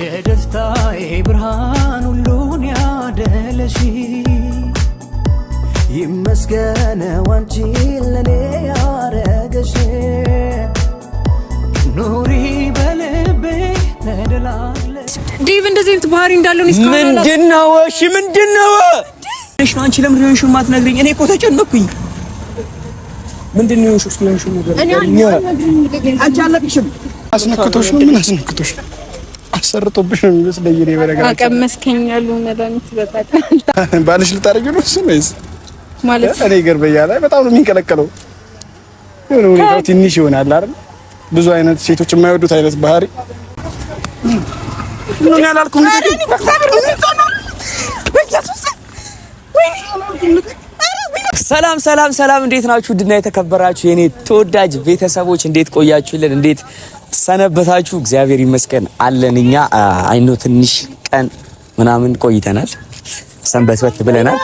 የደስታዬ ብርሃን ሁሉን ያደለሽ ይመስገን ዋንቺ ለኔ ያረገሽ ኑሪ በልቤ ተደላለ ዴቭ እንደዚህ አይነት ባህሪ እንዳለው ነው። ምንድን ነው? እሺ ምንድን ነው? እሺ አንቺ ለምን ሆንሽ የማትነግሪኝ? እኔ እኮ ተጨነኩኝ። ምንድን ነው እሺ? እሱ ነገር እኔ አልነግርሽም። አስነክቶሽ ነው። ምን አስነክቶሽ ነው? አሰርቶብሽ ነው የሚመስለኝ። እኔ በነገራችን አቀመስከኛሉ መድኃኒት በጣም ባልሽ ልታደርጊው ነው እሱን ወይስ ማለት እኔ ገርበኛ በያለ በጣም ነው የሚንቀለቀለው። የሆነ ሁኔታው ትንሽ ይሆናል አይደል? ብዙ አይነት ሴቶች የማይወዱት አይነት ባህሪ ምን ያላልኩም ሰላም ሰላም ሰላም፣ እንዴት ናችሁ? ድና የተከበራችሁ የኔ ተወዳጅ ቤተሰቦች እንዴት ቆያችሁልን? እንዴት ሰነበታችሁ? እግዚአብሔር ይመስገን አለን እኛ። አይኖ ትንሽ ቀን ምናምን ቆይተናል፣ ሰንበት በት ብለናል።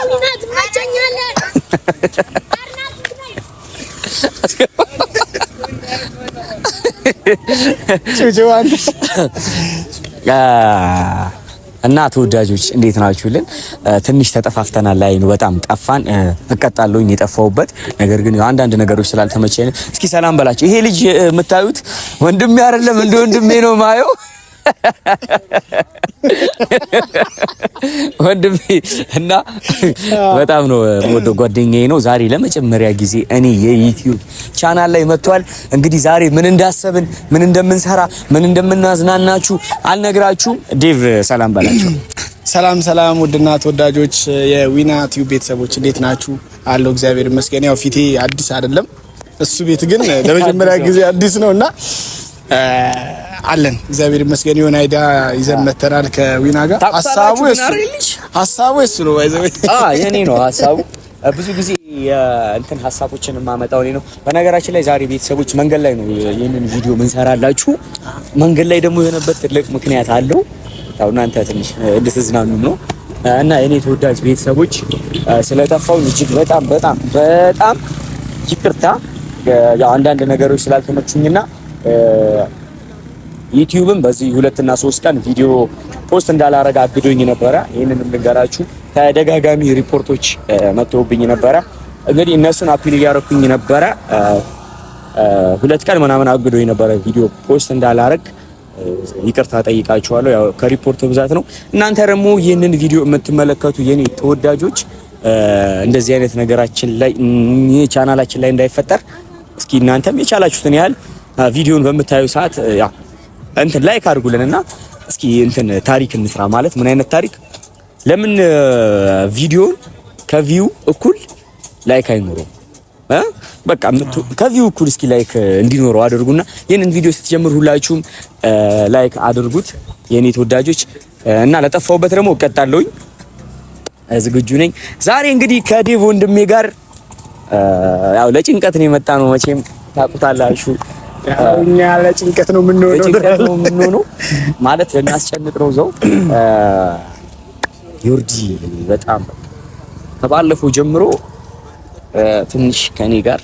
ጭውጭው አንተ እና ተወዳጆች እንዴት ናችሁልን? ትንሽ ተጠፋፍተናል። ላይን በጣም ጠፋን። እቀጣለሁኝ የጠፋሁበት ነገር ግን አንዳንድ ነገሮች ስላልተመቸኝ፣ እስኪ ሰላም በላቸው። ይሄ ልጅ የምታዩት ወንድሜ አይደለም፣ እንደ ወንድሜ ነው ማየው ወንድሜ እና በጣም ነው ወደ ጓደኛዬ ነው። ዛሬ ለመጀመሪያ ጊዜ እኔ የዩቲዩብ ቻናል ላይ መጥቷል። እንግዲህ ዛሬ ምን እንዳሰብን፣ ምን እንደምንሰራ፣ ምን እንደምናዝናናችሁ አልነግራችሁም። ዴቭ ሰላም በላቸው። ሰላም ሰላም፣ ውድና ተወዳጆች የዊና ቲዩብ ቤተሰቦች እንዴት ናችሁ? አለው እግዚአብሔር ይመስገን። ያው ፊቴ አዲስ አይደለም፣ እሱ ቤት ግን ለመጀመሪያ ጊዜ አዲስ ነው እና አለን እግዚአብሔር ይመስገን። የሆነ አይዳ ይዘን መተናል ከዊና ጋር ሀሳቡ ሀሳቡ እሱ ነው። የኔ ነው ሀሳቡ። ብዙ ጊዜ እንትን ሀሳቦችን የማመጣው እኔ ነው። በነገራችን ላይ ዛሬ ቤተሰቦች መንገድ ላይ ነው ይህንን ቪዲዮ ምንሰራላችሁ። መንገድ ላይ ደግሞ የሆነበት ትልቅ ምክንያት አለው። ያው እናንተ ትንሽ እንድትዝናኑም ነው እና የኔ ተወዳጅ ቤተሰቦች ስለጠፋው እጅግ በጣም በጣም በጣም ይቅርታ አንዳንድ ነገሮች ስላልተመቹኝና ዩቲዩብም በዚህ ሁለትና ሶስት ቀን ቪዲዮ ፖስት እንዳላረግ አግዶኝ ነበረ። ይህንን የምንገራችሁ ተደጋጋሚ ሪፖርቶች መጥተውብኝ ነበረ። እንግዲህ እነሱን አፒል እያረኩኝ ነበረ። ሁለት ቀን ምናምን አግዶኝ ነበረ ቪዲዮ ፖስት እንዳላረግ ይቅርታ ጠይቃችኋለሁ። ያው ከሪፖርቱ ብዛት ነው። እናንተ ደግሞ ይህንን ቪዲዮ የምትመለከቱ የኔ ተወዳጆች እንደዚህ አይነት ነገራችን ላይ ቻናላችን ላይ እንዳይፈጠር እስኪ እናንተም የቻላችሁትን ያህል ቪዲዮን በምታዩ ሰዓት ያ እንትን ላይክ አድርጉልንና እስኪ እንትን ታሪክ እንስራ። ማለት ምን አይነት ታሪክ? ለምን ቪዲዮን ከቪው እኩል ላይክ አይኖረውም? በቃ ከቪው እኩል እስኪ ላይክ እንዲኖረው አድርጉና ይህንን ቪዲዮ ስትጀምር ሁላችሁም ላይክ አድርጉት የኔ ተወዳጆች። እና ለጠፋውበት ደግሞ እቀጣለሁኝ፣ ዝግጁ ነኝ። ዛሬ እንግዲህ ከዴቭ ወንድሜ ጋር ያው ለጭንቀት ነው የመጣ ነው መቼም ታውቁታላችሁ። እኛ ለጭንቀት ነው የምንሆነው ማለት ልናስጨንቅ ነው ዘው ዮርዲ በጣም ከባለፈው ጀምሮ ትንሽ ከኔ ጋር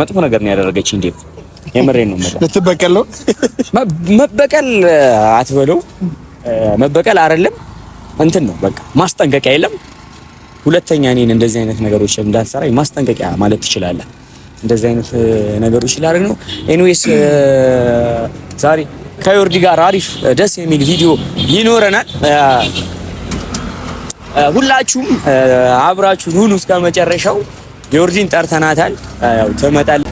መጥፎ ነገር ነው ያደረገች። እንዴ የምሬን ነው ማለት ልትበቀል ነው። መበቀል አትበለው፣ መበቀል አይደለም እንትን ነው በቃ ማስጠንቀቂያ የለም። ሁለተኛ እኔን እንደዚህ አይነት ነገሮች እንዳትሰራ ማስጠንቀቂያ ማለት ትችላለህ። እንደዚህ አይነት ነገሮች ላደርግ ነው። ኤኒዌይስ ዛሬ ከዮርዲ ጋር አሪፍ ደስ የሚል ቪዲዮ ይኖረናል። ሁላችሁም አብራችሁን ሁሉ እስከ መጨረሻው ዮርዲን ጠርተናታል። ያው ትመጣለች።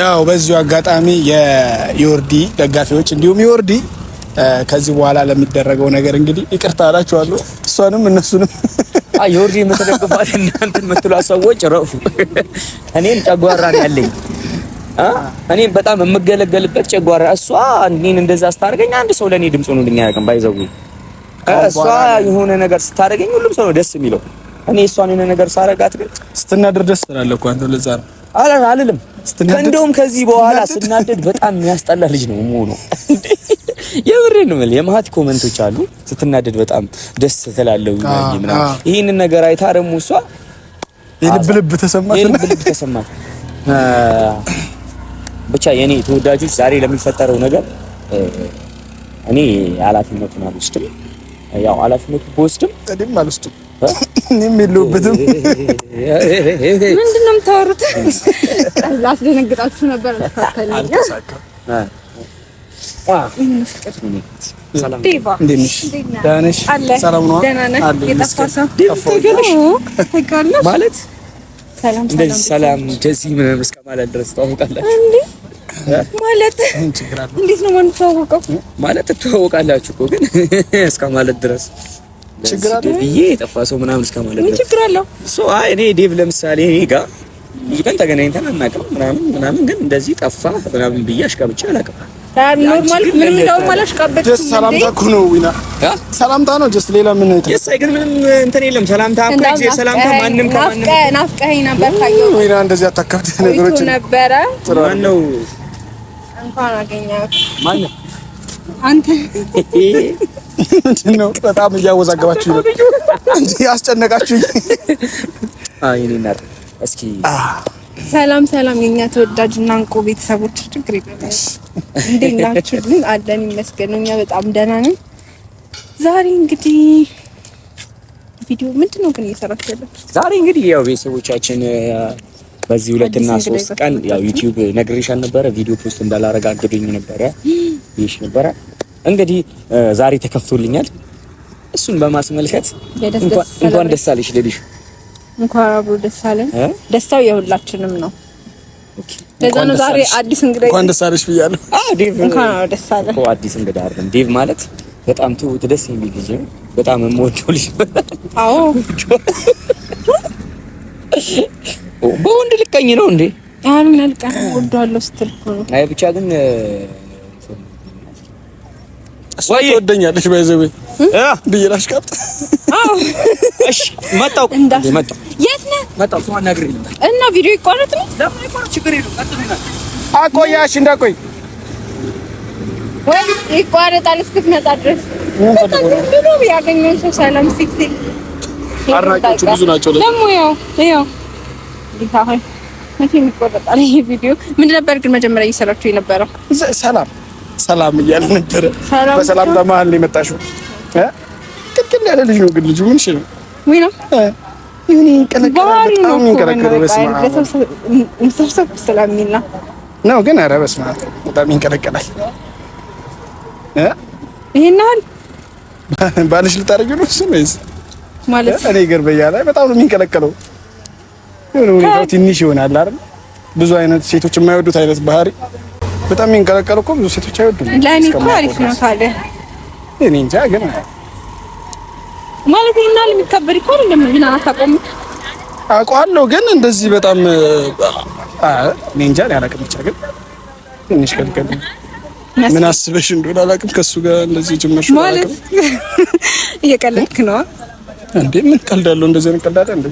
ያው በዚሁ አጋጣሚ የዮርዲ ደጋፊዎች እንዲሁም ዮርዲ ከዚህ በኋላ ለሚደረገው ነገር እንግዲህ ይቅርታ አላችኋለሁ። እሷንም እነሱንም የወርድ የምትደግፋት እናንተን የምትሏት ሰዎች ረፉ። እኔም ጨጓራ ያለኝ። እኔም በጣም የምገለገልበት ጨጓራ። እሷ እኔን እንደዛ ስታደርገኝ አንድ ሰው ለእኔ ድምፅ ሆኖልኝ አያውቅም። ባይዘው እሷ የሆነ ነገር ስታደርገኝ ሁሉም ሰው ነው ደስ የሚለው። እኔ እሷን የሆነ ነገር ሳረጋት ግን ስትናደር ደስ ትላለህ እኮ አንተ። ለዛ ነው አልልም። እንደውም ከዚህ በኋላ ስናደድ በጣም የሚያስጠላ ልጅ ነው የምሆነው። የምሬ ነው የምልህ። የመሀት ኮመንቶች አሉ ስትናደድ በጣም ደስ ትላለህ ምናምን። ይህንን ነገር አይታ ደግሞ እሷ የልብ ልብ ተሰማት፣ የልብ ልብ ተሰማት። ብቻ የኔ ተወዳጆች ዛሬ ለሚፈጠረው ነገር እኔ ኃላፊነቱን አልወስድም። ያው ኃላፊነቱ ብወስድም ቀድም አልወስድም እኔም የለሁበትም። ምንድን ነው የምታወሩት? ላስደነግጣችሁ ነበር። ሰላም እንደዚህ ሰላም እንደዚህ ምንም እስከ ማለት እንዴት ነው የምንተዋወቀው? ማለት ትተዋወቃላችሁ እኮ ግን እስከ ማለት ድረስ ብዬ የጠፋ ሰው ምናምን እስከ ማለት ድረስ ችግር አለ። ሶ አይ እኔ ዴቭ ለምሳሌ እኔ ጋር ብዙ ቀን ተገናኝተን አናውቅም ምናምን ምናምን፣ ግን እንደዚህ ጠፋ ምናምን ብዬ አሽቃብቼ አላውቅም። ሰላምታ ነው ጀስት ሌላ ምን እንትን የለም። ሰላምታ ሰላምታ ማንም ነበር እንኳን አገኘሁት። አንተ? በጣም እያወዛገባችሁ ነው እንጂ አይ እኔ እናት እስኪ ሰላም ሰላም፣ የኛ ተወዳጅ እና እንቁ ቤተሰቦች፣ ችግር እንዴት አለን ይመስገን፣ እኛ በጣም ደህና ነን። ዛሬ እንግዲህ ቪዲዮ ምንድን ነው ግን እየሰራችሁ ያለው? ዛሬ እንግዲህ ያው ቤተሰቦቻችን በዚህ ሁለት እና ሶስት ቀን ያው ዩቲዩብ ነግሬሻል ነበረ፣ ቪዲዮ ፖስት እንዳላረጋ አግዶኝ ነበረ ይሽ ነበረ። እንግዲህ ዛሬ ተከፍቶልኛል። እሱን በማስመልከት እንኳን ደስ አለሽ ልልሽ፣ እንኳን አብሮ ደስ አለን። ደስታው የሁላችንም ነው። ለዛ ነው ዛሬ አዲስ እንግዳ እንኳን ደስ አለሽ ብያለሁ። አዎ ዴቭ እንኳን አብሮ ደስ አለ እኮ አዲስ እንግዳ አይደለም ዴቭ ማለት በጣም ትሁት ደስ የሚል ልጅ ነው። በጣም የምወደው ልጅ አዎ በወንድ ልቀኝ ነው እንዴ? አሁን ልቀኝ ወዷለሁ ስትል እኮ ነው። አይ ብቻ ግን ወይ ትወደኛለሽ ባይዘው እ ብዬሽ ቀጥ አዎ፣ እሺ መጣሁ መጣሁ። የት ነህ? መጣሁ እሷ አናግሪኝ እና ቪዲዮ ይቋረጥ ነው። ችግር የለውም አቆያሽ እንዳቆይ ወይ ይቋረጣል እስክትመጣ ድረስ ብሎ ያገኘውን ሰው ሰላም ሲል አድናቂዎቹ ብዙ ናቸው። ደግሞ ያው ያው ጌታ ሆይ መቼ የሚቆረጣል ይሄ ቪዲዮ? ምንድን ነበር ግን መጀመሪያ እየሰራችሁ የነበረው? ሰላም ሰላም እያለ ነበረ። በሰላም በመሀል የመጣሽው። ቅጥቅል ያለ ልጅ ነው ግን ልጁ ምን ይችላል? ወይ ነው ሰብሰብ ሰላም የሚል ነው ግን፣ ኧረ በስመ አብ በጣም ይንቀለቀላል። ይሄን ባልሽ ልታደርጊው ነው እሱ ነው ማለት እኔ ገርበኛ ላይ በጣም ነው የሚንቀለቀለው የሆነ ሁኔታው ትንሽ ይሆናል አይደል? ብዙ አይነት ሴቶች የማይወዱት አይነት ባህሪ በጣም የሚንቀለቀሉ እኮ ብዙ ሴቶች አይወዱም። ለእኔ እኮ አሪፍ ነው። ታዲያ እኔ እንጃ ግን ማለት እኮ አይደለም። ግን አታቆም አውቀዋለሁ። ግን እንደዚህ በጣም እኔ እንጃ አላውቅም። ብቻ ግን ትንሽ ከልከል ምን አስበሽ እንደሆነ አላውቅም። ጋር እንደዚህ ጀመርሽ ማለት እየቀለድክ ነው እንዴ? ምን ቀልዳለሁ? እንደዚህ ነው ቀልዳለህ እንዴ?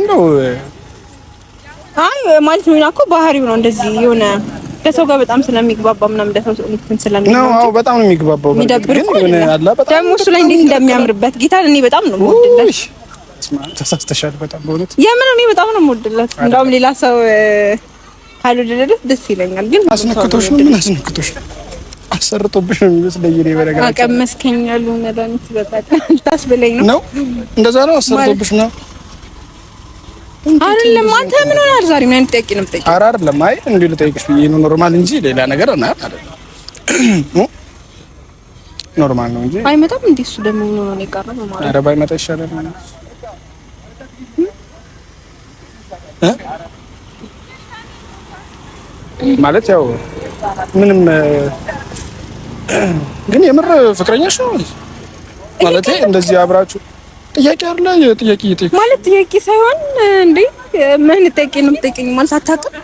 እንደው አይ ማለት ነው እኮ ባህሪው ነው እንደዚህ የሆነ ከሰው ጋር በጣም ስለሚግባባ ምናምን ለሰው እንትን ስለሚግባባ ነው። አዎ በጣም ነው የሚግባባው። ግን የሆነ በጣም ደግሞ እሱ ላይ እንዴት እንደሚያምርበት ጌታን እኔ በጣም ነው የምወድለት። ተሳስተሻል በጣም በእውነት የምን እኔ በጣም ነው የምወድለት። እንደውም ሌላ ሰው ካልወደደለት ደስ ይለኛል። ግን አስነክቶሽ ነው ምን አስነክቶሽ ነው ነው የሚመስለኝ። እኔ በነገራችን አቀመስከኛሉ መድኃኒት በጣም ታስብለኝ ነው ነው እንደዛ ነው። አሰርጦብሽ ነው አይደለም። አንተ ምን ሆነሃል ዛሬ? ምን አይነት ጥያቄ ነው ኧረ አይደለም። አይ እንዲሁ ልጠይቅሽ ነው ኖርማል እንጂ ሌላ ነገር እና ኖርማል ነው እንጂ አይመጣም። እንደ እሱ ደግሞ ምን ነው የቀረበው ማለት ኧረ ባይመጣ ይሻላል። ማለት ያው ምንም ግን የምር ፍቅረኛሽ ነው ማለት እንደዚህ አብራችሁ ጥያቄ አለ። ጥያቄ እየጠየኩ ማለት ጥያቄ ሳይሆን እንዴ ምን ጥያቄ ነው ጠቂኝ ማለት አታውቅም?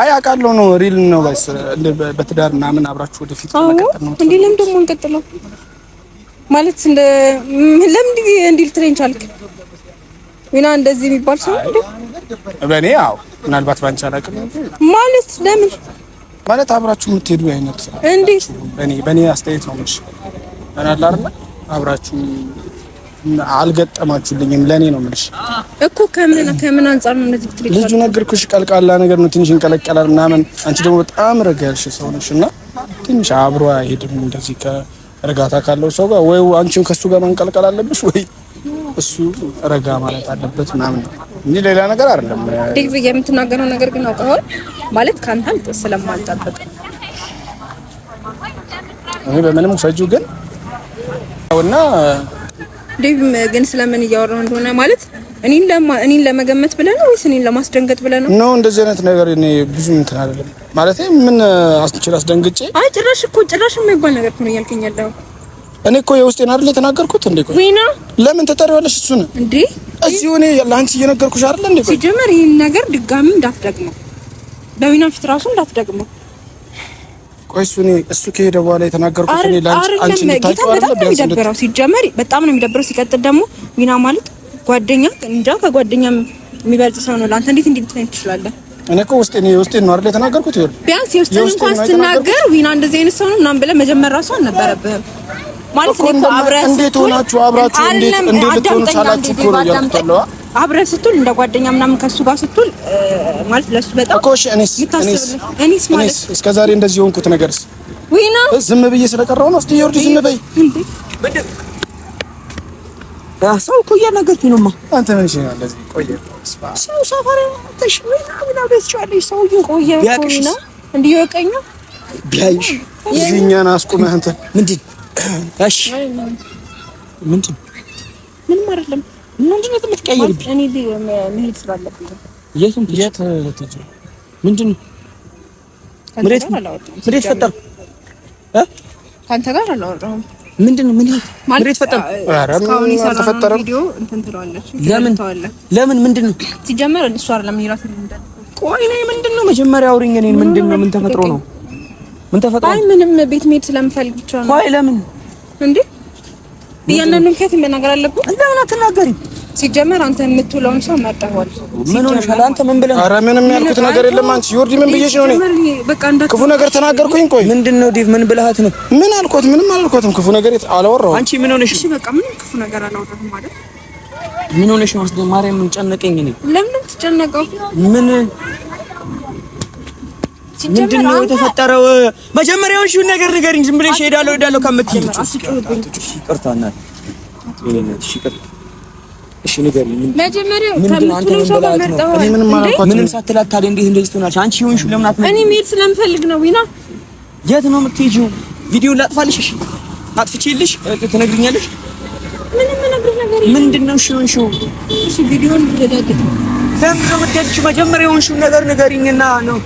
አይ አውቃለሁ ነው ሪል ነው ጋይስ። እንደ በትዳር ምናምን አብራችሁ ወደፊት መቀጠል ነው እንዴ? ለምን ደግሞ እንቀጥለው ማለት እንደ ለምን እንዲህ ልትለኝ ቻልክ? ሚና እንደዚህ የሚባል ሰው እንዴ? በእኔ አዎ፣ ምናልባት ባንቺ አላውቅም። ማለት ለምን ማለት አብራችሁ የምትሄዱ አይነት እንዴ? በእኔ በእኔ አስተያየት ነው። እሺ አናላርና አብራችሁ አልገጠማችሁልኝም። ለእኔ ነው የምልሽ እኮ ከምን ከምን አንጻር ነው እንደዚህ ትልቅ ልጁ ነገርኩሽ፣ ቀልቃላ ነገር ነው ትንሽ እንቀለቀላል ምናምን። አንቺ ደግሞ በጣም ረጋ ያልሽ ሰው ነሽ እና ትንሽ አብሮ አይሄድም እንደዚህ ከእርጋታ ካለው ሰው ጋር ወይ አንቺም ከሱ ጋር መንቀልቀል አለብሽ ወይ እሱ ረጋ ማለት አለበት ምናምን እንጂ ሌላ ነገር አይደለም። ዲግ የምትናገረው ነገር ግን አውቀዋል ማለት ካንተም ስለማልጠብቅ እኔ በምንም ሰጁ ግን እና ዴቭ ግን ስለምን እያወራሁ እንደሆነ ማለት እኔን ለማ እኔን ለመገመት ብለህ ነው ወይስ እኔን ለማስደንገጥ ብለህ ነው? ኖ እንደዚህ አይነት ነገር እኔ ብዙ እንትን አይደለም ማለት ምን አስችል አስደንግጬ። አይ ጭራሽ እኮ ጭራሽ የማይባል ነገር ነው እያልከኝ ያለው። እኔ እኮ የውስጤን አይደል የተናገርኩት እንዴ? ቆይ ወይና ለምን ተጠሪዋለሽ? እሱ ነው እንዴ እዚሁ እኔ ለአንቺ እየነገርኩሽ አይደል እንዴ? ቆይ ሲጀመር ይሄን ነገር ድጋሚ እንዳትደግመው፣ በዊና ፊት ራሱ እንዳትደግመው ቆይ እሱ እኔ እሱ ከሄደ በኋላ የተናገርኩት እኔ ላንቺ አንቺ ልታውቂው አይደል? በጣም የሚደብረው ሲጀመር በጣም ነው የሚደብረው። ሲቀጥል ደግሞ ዊና ማለት ጓደኛ እንጃ ከጓደኛ የሚበልጥ ሰው ነው። ለአንተ እንዴት እንዴት ልትሆን ትችላለህ? እኔ እኮ ውስጤ ነው ውስጤ ነው አይደል የተናገርኩት። ይኸውልህ ቢያንስ የውስጤን እንኳን ስናገር ዊና እንደዚህ አይነት ሰው ነው ምናምን ብለህ መጀመር ራሱ አልነበረብህም። ማለት እኔ እኮ አብረህ እንዴት ሆናችሁ አብራችሁ እንዴት እንዴት ልትሆኑ ቻላችሁ እኮ ነው ያልኩት አለዋ አብረ ስትል እንደ ጓደኛ ምናምን ከሱ ጋር ስትል ማለት ለሱ በጣም እኮ እሺ። እኔስ እኔስ እኔስ ማለት እስከ ዛሬ እንደዚህ የሆንኩት ነገርስ ዊና ዝም ብዬ ስለቀረው ነው። እስቲ ይወርድ ዝም በይ እንዴ! ሰው እኮ እያናገርኩኝ ነውማ። አንተ ምን እሺ ነው እንደዚህ ቆየ ሰው ሰፈር ተሽ ዊና ዊና ደስ ይችላል። ሰው ይቆየ ዊና እንዲህ ይወቀኛ ቢያይሽ እዚህኛን አስቁመህ አንተ ምንድን እሺ ምንድን ምንም አይደለም ምንድን ነው የምትቀይርብኝ? እኔ መሄድ ስላለብኝ የት የት ልትሄጂ? ምንድን ነው ምሬት ምሬት ፈጠርኩ እ ከአንተ ጋር አላወራሁም። ምንድን ነው ምሬት ፈጠርኩ? ኧረ እስካሁን የሰራነው ቪዲዮ እንትን ትለዋለች። ለምን ለምን ምንድን ነው ሲጀመር እሱ አይደለም ይራት እንደው ቆይ እኔ ምንድን ነው መጀመሪያ አውሪኝ። እኔን ምንድን ነው ምን ተፈጥሮ ነው ምን ተፈጥሮ? አይ ምንም ቤት መሄድ ስለምፈልግ ብቻ ነው። ቆይ ለምን እንዴ እያንዳንዱን ከት መናገር አለብን። እንደምን አትናገሪ። ሲጀመር አንተ የምትውለውን ሰው መርጠዋል። ምን ሆነሻል አንተ? ምን ብለህ? ኧረ ምንም ያልኩት ነገር የለም። አንቺ ዮርዲ ምን ብዬሽ ነው? እኔ ክፉ ነገር ተናገርኩኝ? ቆይ ምንድን ነው ዴቭ? ምን ብለሃት ነው? ምን አልኳት? ምንም አላልኳትም። ክፉ ነገር አላወራሁም። አንቺ ምን ሆነሽ? እሺ በቃ ምንም ክፉ ነገር አላወራሁም አይደል ምን ሆነሽ ነው? ማርያም ምን ጨነቀኝ እኔ። ለምን ትጨነቀው? ምን ምንድን ነው የተፈጠረው? መጀመሪያውን ሺውን ነገር ንገሪኝ። ዝም ብለሽ እሄዳለሁ እሄዳለሁ ከምትይኝ ይቅርታ እናት እሺ መጀመሪያው ምንም ሳትላት ታዲያ እንዴት እንደዚህ ትሆናለች? አንቺ ይሁንሽ ለምን እኔ መሄድ ስለምፈልግ ነው። ዊና የት ነው የምትሄጂው? ቪዲዮ ላጥፋልሽ? እሺ አጥፍቼልሽ ትነግሪኛለሽ? ምንም እነግርህ ነገር ምንድን ነው እሺ ይሁንሽው? እሺ ቪዲዮውን ልደዳት ለምን ነው የምትሄጂው? ነገር ንገሪኝና ነው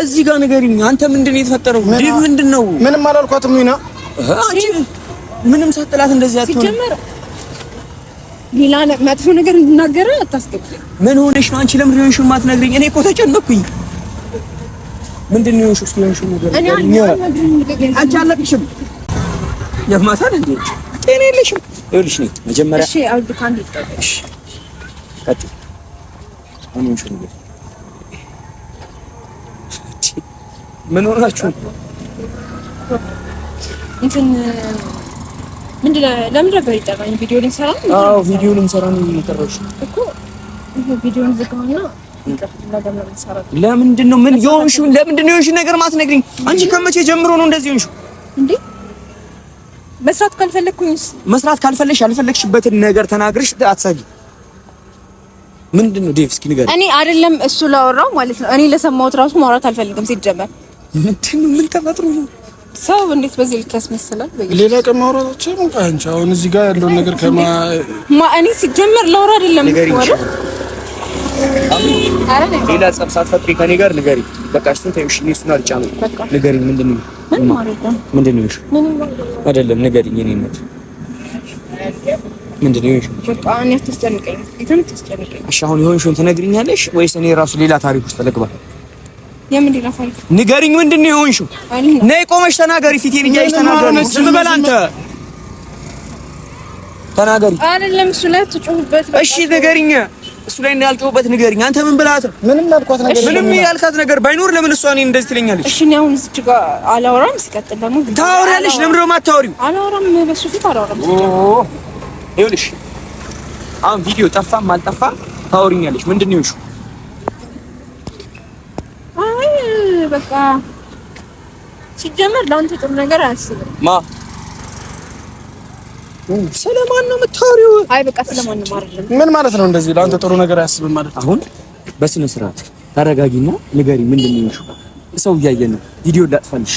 እዚህ ጋር ንገሪኝ። አንተ ምንድን የተፈጠረው? ዴቭ ምንድን ነው? ምንም አላልኳትም። ኒና ምንም ሳትላት እንደዚህ አትሆንም። ሌላ መጥፎ ነገር እንድናገር አታስገቢ። ምን ሆነሽ ነው አንቺ? ለምን ሆነሽ የማትነግሪኝ? እኔ እኮ ተጨነኩኝ። ምንድን ነው የሆንሽው? ስለሆንሽው ነገር አንቺ አለቅሽም። ያማታል እንዴ? ጤና የለሽም ይኸውልሽ ነኝ መጀመሪያ እሺ አውዱ ካንዲ ተጠቅሽ ቀጥ አሁን ሹን ነው ምን ሆናችሁ? እንትን ቪዲዮ ልንሰራ ነው። ቪዲዮ ልንሰራ ነው ለምንድን ነው ምን የሆንሽው? ለምንድን ነው የሆንሽው ነገር ማትነግሪኝ? አንቺ ከመቼ ጀምሮ ነው እንደዚህ የሆንሽው እንዴ? መስራት ካልፈለግኩኝስ? መስራት ካልፈለግሽ ያልፈለግሽበትን ነገር ተናግረሽ አትሳጊ። ምንድን ነው ዴቭ? እስኪ ንገሪኝ። እኔ አይደለም እሱ ላወራው ማለት ነው። እኔ ለሰማሁት ራሱ ማውራት አልፈልግም። ሲጀመር ምንድን ምን ተፈጥሮ ነው? ሰው እንዴት በዚህ ልክ ያስመስላል? ሌላ ቀን ማውራታቸው ነው። አንቺ አሁን እዚህ ጋር ያለውን ነገር ከማ ማ እኔ ሲጀመር ላወራ አይደለም ወራ ሌላ ጸብ ሳትፈጥሪ ከኔ ጋር ንገሪኝ። በቃ እሱን ተይው። እሺ እኔ እሱን አልጫነው። ንገሪኝ ምንድን ነው ምንድን ነው ይኸውልሽ፣ አይደለም ንገሪኝ። እኔ እናት ምንድን ነው ይኸውልሽ፣ በቃ እኔ አታስጨንቀኝ፣ የትም አታስጨንቀኝ። እሺ አሁን የሆንሽውን ትነግሪኛለሽ ወይስ እኔ ራሱ ሌላ ታሪክ ውስጥ ልግባ? የምንድን ነው ታሪክ? ንገሪኝ። ምንድን ነው የሆንሽው? ነይ ቆመሽ ተናገሪ። ፊቴን እያየሽ ተናገሪ። ዝም በል አንተ ተናገሪ። አይደለም እሱ ላይ ትጮህበት። እሺ ንገሪኝ እሱ ላይ እንዳልጮህበት ንገሪኝ። አንተ ምን ብላት ነው? ምንም ያልኳት ነገር ምንም ያልካት ነገር ባይኖር ለምን እሷ እኔን እንደዚህ ትለኛለች? እሺ ነው አሁን እዚህ ጋር አላወራም። ሲቀጥል ደግሞ ታወሪያለሽ። ለምን ነው የማታወሪው? አላወራም፣ በሱ ፊት አላወራም። ኦ ይኸውልሽ፣ አሁን ቪዲዮ ጠፋም አልጠፋም ታወሪኛለሽ። ምንድን ነው ይኸውልሽ፣ አይ በቃ ሲጀመር ለአንተ ጥሩ ነገር አያስብም ማ ስለማን ነው የምታወሪው? አይ በቃ ስለማን ነው ማረጀም። ምን ማለት ነው እንደዚህ? ለአንተ ጥሩ ነገር አያስብም ማለት አሁን በስነ ስርዓት ተረጋጊና ንገሪ። ምንድን ነው የሚሹ? ሰው እያየን ነው። ቪዲዮ ላጥፋልሽ።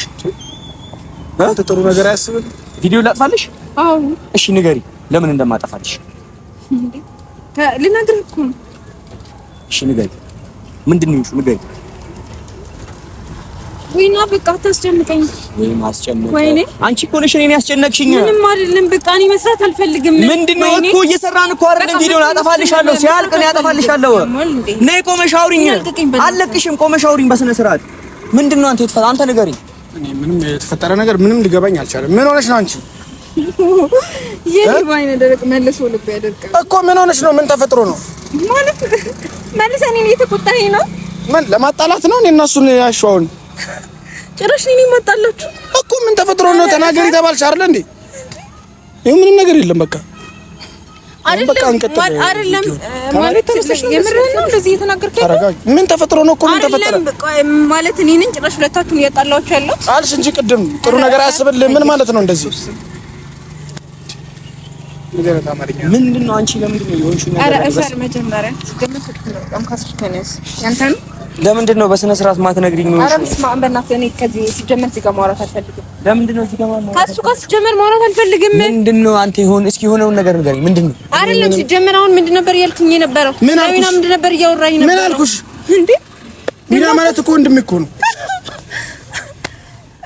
አንተ ጥሩ ነገር አያስብም። ቪዲዮ ላጥፋልሽ? አዎ። እሺ ንገሪ፣ ለምን እንደማጠፋልሽ ልነግርህ እኮ ነው። እሺ ንገሪ፣ ምንድን ነው የሚሹ? ንገሪ ወይና በቃ አታስጨንቀኝ። ወይ ማስጨንቀኝ ወይኔ፣ አንቺ እኮ ነሽ እኔን ያስጨነቅሽኝ። ምንም አይደለም፣ በቃ እኔ መስራት አልፈልግም። ምንድነው እኮ እየሰራን እኮ አይደለም። ቪዲዮ አጠፋልሻለሁ፣ ሲያልቅ ነው ያጠፋልሻለሁ። ነይ ቆመሽ አውሪኝ። አለቅሽም፣ ቆመሽ አውሪኝ በስነ ስርዓት። ምንድነው አንተ የተፈጠረ አንተ ንገሪኝ። ምንም የተፈጠረ ነገር ምንም ሊገባኝ አልቻለም። ምን ሆነሽ ነው አንቺ? የኔ ባይነ ደረቅ መልሶ ልብ ያደርቃል እኮ። ምን ሆነሽ ነው? ምን ተፈጥሮ ነው ማለት? መልሰህ እኔን እየተቆጣኸኝ ነው? ምን ለማጣላት ነው? እኔ እና እሱን ያሸዋውን ጭራሽ እኔን ይመጣላችሁ እኮ ምን ተፈጥሮ ነው? ተናገሪ ተባልሽ አይደል እንዴ? ይሄ ምንም ነገር የለም። በቃ አይደለም ማለት የምርህን ነው እንደዚህ እየተናገርከኝ? ምን ተፈጥሮ ነው እኮ ምን ተፈጠረ ማለት እኔ ነኝ ጭራሽ ሁለታችሁን እያጣላችሁ ያለው አልሽ እንጂ ቅድም ጥሩ ነገር አያስብልህ። ምን ማለት ነው እንደዚህ? ምንድን ነው አንቺ ለምንድን ነው የሆንሽው ነገር? ኧረ እሰር መጀመሪያ ለምንድን ነው በስነ ስርዓት ማትነግሪኝ? ነው በስመ አብ በእናትህ እኔ ከዚህ ሲጀመር እዚህ ማውራት አልፈልግም። ለምንድን ነው እዚህ ጋር ማውራት ከእሱ ጋር ሲጀመር ማውራት አልፈልግም። ምንድን ነው አንተ ይሆን እስኪ የሆነውን ነገር ንገሪኝ። ምንድን ነው አይደለም ሲጀመር አሁን ምንድን ነበር እያልኩኝ የነበረው? ምን አልኩሽ? ምንድን ነበር እያወራኝ ነበር? ምን አልኩሽ? እንዴ ሚና ማለት እኮ ወንድሜ እኮ ነው።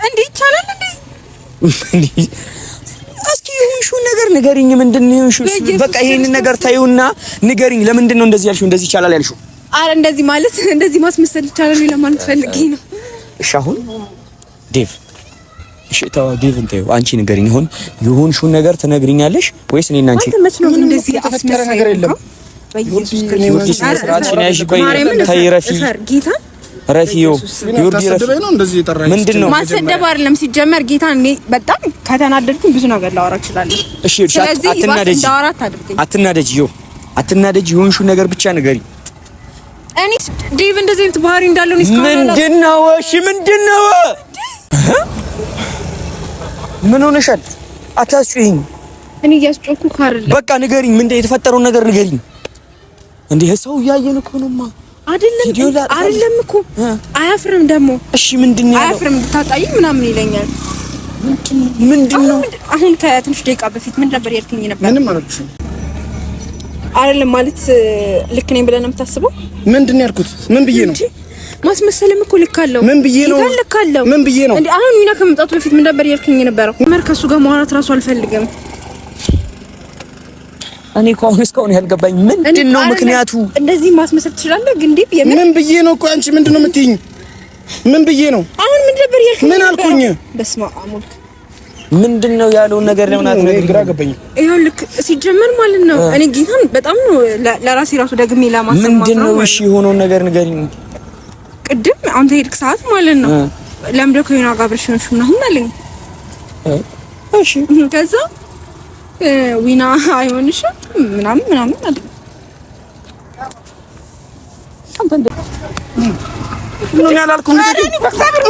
እንዴ ይቻላል እንዴ? እስኪ የሆንሽውን ነገር ንገሪኝ። ምንድን ነው የሆንሽው? በቃ ይሄንን ነገር ታዩና ንገሪኝ። ለምንድን ነው እንደዚህ ያልሽው? እንደዚህ ይቻላል ያልሽው አረ እንደዚህ ማለት እንደዚህ ማስመሰል ይቻላል ለማለት ፈልጌ ነው። እሺ አሁን ዴቭ እሺ ተው ዴቭ እንተው አንቺ ንገሪኝ። ይሁን ይሁን ሹን ነገር ትነግሪኛለሽ ወይስ እኔና አንቺ ምንም እንደዚህ አስመሰል ነገር የለም። ሲጀመር ጌታ። እኔ በጣም ከተናደድኩኝ ብዙ ነገር ላወራ እችላለሁ። እሺ አትናደጂ፣ አትናደጂ፣ ይሁን ሹን ነገር ብቻ ንገሪኝ። እኔስ ዴቭ እንደዚህ አይነት ባህሪ እንዳለው እኔስ ምንድን ነው? እሺ ምንድን ነው? ምን ሆነሻል? አታስጩኝ። እኔ እያስጮኩ ካር በቃ ንገሪኝ፣ ምንድን የተፈጠረውን ነገር ንገሪኝ። እንዴ ሰው እያየን እኮ ነውማ። አይደለም አይደለም እኮ አያፍርም ደግሞ። እሺ ምንድን ነው? አያፍርም ብታጣይ ምናምን ይለኛል። ምንድን ነው? አሁን ከትንሽ ደቂቃ በፊት ምን ነበር ያልከኝ ነበር? ምንም አላልኩሽም አይደለም ማለት ልክ ነኝ ብለህ ነው የምታስበው? ምንድን ነው ያልኩት? ምን ብዬ ነው ማስመሰልም እኮ ልክ አለው። ምን ብዬ ነው ልክ አለው? ምን ብዬ ነው እንዴ? አሁን ሚና ከመምጣቱ በፊት ምን ነበር ያልከኝ የነበረው? መር ከሱ ጋር ማውራት ራሱ አልፈልግም። እኔ እኮ አሁን እስካሁን ያልገባኝ ምንድን ነው ምክንያቱ? እንደዚህ ማስመሰል ትችላለህ ግን ዲፕ የምን ምን ብዬ ነው እኮ አንቺ ምንድን ነው የምትይኝ? ምን ብዬ ነው አሁን ምን ነበር ያልከኝ? ምን አልኩኝ? በስመ አብ ምንድን ነው ያለውን ነገር ለምን አትነግሪኝ? ግራ ገባኝ። ሲጀመር ማለት ነው እኔ ጌታን በጣም ነው ለራሴ ራሱ ደግሜ ለማሰማት ነው። ምንድን ነው እሺ፣ የሆነውን ነገር ንገሪኝ። ቅድም አሁን ሄድክ ሰዓት ማለት ነው ለምደው ከሆነ አጋብርሽን ምናምን አለኝ። እሺ፣ ከዛ ዊና አይሆንሽም ምናምን ምናምን አለኝ። ምን ያላልኩ ምን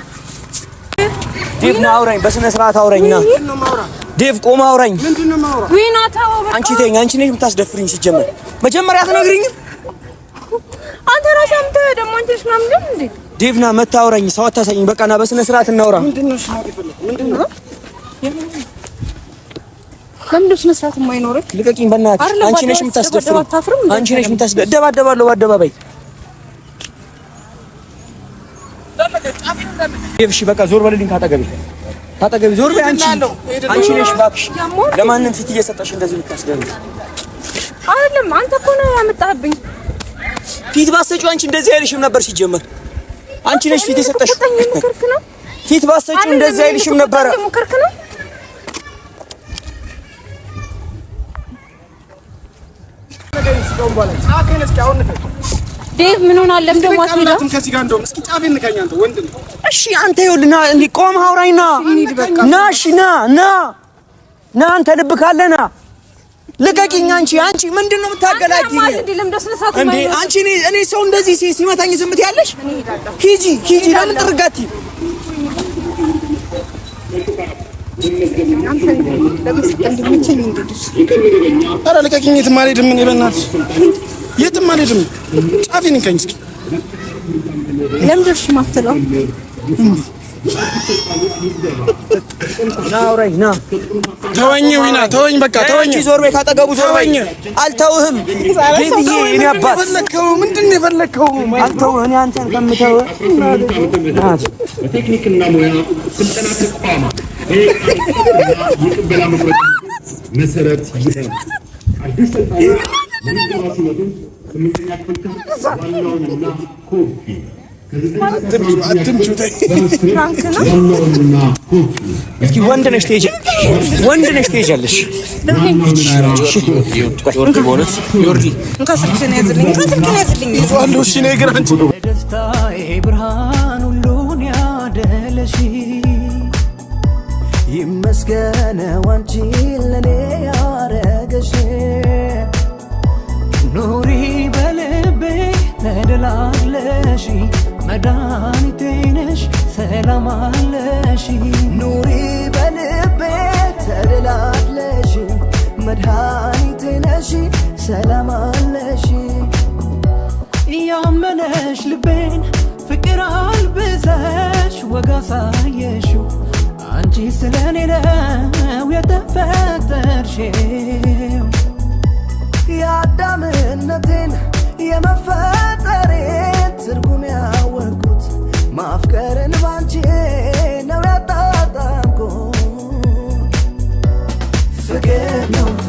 ዴቭ ና አውራኝ፣ በስነ ስርዓት አውራኝ። ና ዴቭ ቆም አውራኝ። አንቺ ተይኝ። አንቺ ነሽ የምታስደፍሪኝ። ሲጀመር መጀመሪያ አትነግሪኝም? አንተ ራስህ አምተህ ደግሞ አንቺ ሽማምደም እንዴ? ዴቭ ና መታ አውራኝ። ሰው አታሳይኝ። በቃ ና በስነ ስርዓት እናውራ። ለምንድን ነው ስነ ስርዓት የማይኖረኝ? ልቀቂኝ በእናትሽ። አንቺ ነሽ የምታስደፍሪኝ። አንቺ ነሽ የምታስደደባደባለሁ በአደባባይ እሺ በቃ ዞር በልልኝ ካጠገቤ ታጠገቢ ዞር በይ። አንቺ አንቺ ነሽ እባክሽ፣ ለማንም ፊት እየሰጠሽ እንደዚህ ልታስደርግ አይደለም። አንተ እኮ ነው ያመጣህብኝ። ፊት ባሰጪው አንቺ እንደዚህ አይልሽም ነበር። ሲጀመር አንቺ ነሽ ፊት የሰጠሽ። ፊት ባሰጪው እንደዚህ አይልሽም ነበረ። ዴቭ ምን ሆነ? አለም ደሞ አስይዳ ከዚህ ጋር እንደውም እስኪ ጫፍ እንገኛ አንተ ወንድ ነው። እሺ አንተ ይኸውልህ፣ ና እንዲ ቆም አውራኝ ና ና እሺ ና ና ና አንተ ልብ ካለ ና ልቀቂኝ። አንቺ አንቺ ምንድን ነው የምታገላግኝ እንዴ አንቺ? እኔ እኔ ሰው እንደዚህ ሲ ሲመታኝ ዝም ትያለሽ? ሂጂ ሂጂ። ለምን ጥርጋት ኧረ ልቀቂኝ። የትም አልሄድም እኔ በእናትሽ የትም አልሄድም። ጫፌ ንካኝ እስኪ። ለምን ደርሽ ማትለው? ና አውራኝ፣ ና ተወኝ፣ ዊና ተወኝ፣ በቃ ተወኝ። ዞር በይ፣ ካጠገቡ ዞር በይ። አልተውህም። ቤትዬ፣ እኔ አባት ምንድን ነው የፈለከው? አልተውህ። እኔ አንተን ከምተውህ ቴክኒክና ሙያ ስልጠና ተቋም የቅበላ መሰረት አዲስ እስኪ ወንድ ነሽ ወንድ ነሽ ትሄጃለሽ። ብርሃን ሁሉን ያደለሽ ይመስገነው አንቺ ለኔ ያረገሽ ኑሪ በልቤ ተደላለሺ መድኃኒቴ ነሽ ሰላም አለሺ ኑሪ በልቤ ተደላለሺ መድኃኒቴ ነሽ ሰላም አለሺ እያመነሽ ልቤን ፍቅር አልብሰሽ ወጋ ሳየሽው አንቺ ስለኔ ነው የተፈጠርሽው የአዳምነቴን የመፈጠሬን ትርጉም ያወቅኩት ማፍቀርን ባንቺ ነው ያጣጣምኩት ፍቅር ነው